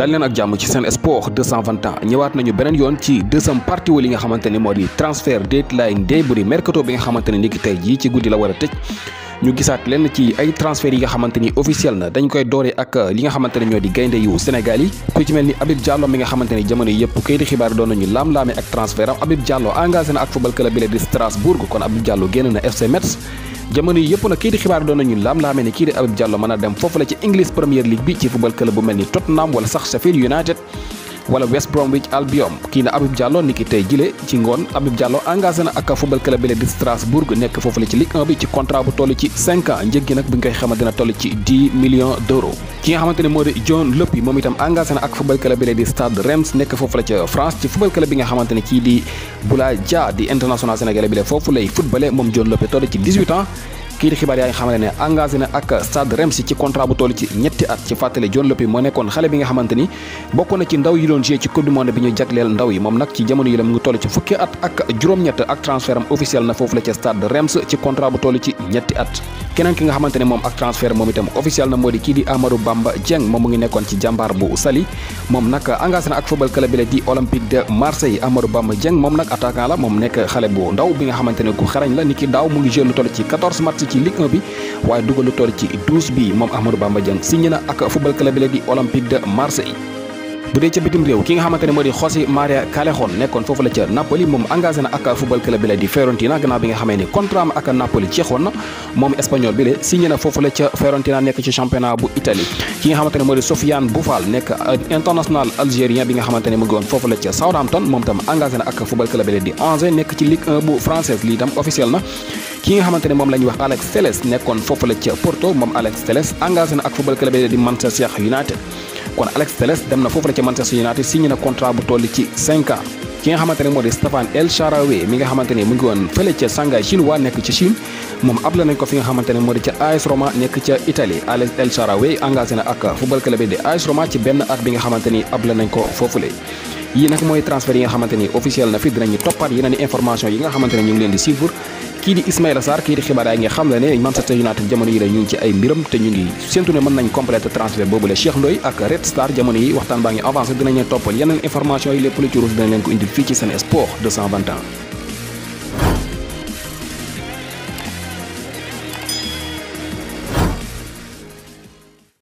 dal leen ak jàmm ci seen sport 221 ñëwaat nañu beneen yoon ci deuxième partie moo di transfert deadline day nga xamante ne ni ki tey jii ci guddi a tëj lenn ci ay transfert yi nga xamante ni officiel dañ koy doore ak li nga xamante ne ñoo di gaynde yu Sénégal yi ku ci mel ni Habib Diallo mi nga xamante ni jamono yëpp kayiti xibaar doon nañu laam-laame ak transfert am Habib Diallo engagé na ak football club bi la di Strasbourg kon Habib Diallo génn na FC Metz jamono yi yëpp nag kii di xibaar doon nañu laam-laamee ne kii di Habib Diallo a dem foofu la ci English Premier League bi ci football club bu mel ni Tottenham wala sax Sheffield United wala West Bromwich Albion kii na Habib Diallo niki tey jile ci ngoon Habib Diallo engagé na ak football club bi di Strasbourg nekk foofu la ci Ligue 1 bi ci contrat bu toll ci 5 ans njëg gi nag bi nga koy xamante dina toll ci 10 millions d'euros ki nga xamante moo di John Lopy moom itam engagé na ak football club bi di Stade Reims nekk foofu la ca France ci football club bi nga xamante ne kii di Boulaye Dia di international sénégalais bi la foofu lay footballé kii di xibaar yaa ngi xamante ne engagé na ak Stade Reims ci contrat bu toll ci ñetti at ci fàttali Dion Lopy moo nekkoon xale bi nga xamante ni bokkoon ci ndaw yi doon joué ci coupe bi ñu jagleel ndaw yi moom nag ci jamono yi la mu ngi toll ci fukki at ak juróom-ñett ak transfert am na foofu la ca Stade Reims ci contrat bu toll ci ñetti at keneen ki nga xamante ne moom ak transfert moom itam officiel na moo di kii di Amadou Bamba Dieng moom mu ngi nekkoon ci jàmbaar bu Saly moom nag engagé na ak football club bi la di Olympique de Marseille Amadou Bamba Dieng moom nag attaquant la moom nekk xale bu ndaw bi nga xamante ne ku xarañ la ni ki daaw mu ngi joué lu toll ci 14 ci Ligue bi waaye dugal lu toll ci bi moom Amadou Bamba Dieng signé na ak football club bi la di Olympique de Marseille budé ci ca bitim réew ki nga xamante modi José Maria Calejon nekkon fofu la ci Napoli mom engagé na ak football club bi la di Fiorentina gëna bi nga xamee ni contrat am ak Napoli jeexoon na mom espagnol bi lé signé na fofu la ci Fiorentina nekk ci championnat bu Italie ki nga xamante modi Sofiane Boufal nekk international algérien bi nga xamante mu ngi la ci Southampton mom tam engagé na ak football club bi la di Angers nekk ci Ligue 1 bu française li tam officiel na ki nga xamante mom lañ wax Alex Telles nekkon fofu la ci Porto mom Alex Telles engagé na ak football club bi la di Manchester United kon Alex Telles dem na foofu la ca Manchester United signé na contrat bu toll ci 5 ki nga xamante ne moo di Stéphane El Shaarawy mi nga xamante mu ngi woon fële ca Shanghai Shenhua nekk ca Chine moom able nañ ko fi nga xamante moo di ca AS Roma nekk ca Italie Alex El Shaarawy engagé na ak football club di AS Roma ci benn at bi nga xamante ni able nañ ko foofule yi nag mooy transfert yi nga xamante ni na fi dinañu toppaat yi ne ñu ngi leen kii di Ismaïla Sarr kii di xibaar yaa ngi xam ne ne Manchester United jamono yi la ñu ngi ci ay mbiram te ñu ngi séntu ne mën nañ complété transfert boobu la Cheikh Ndoy ak Red Star jamono yi waxtaan baa ngi avancé dinañ toppal yeneen information yi lépp lu ci ruus dinañ leen ko indil ci Sen Sports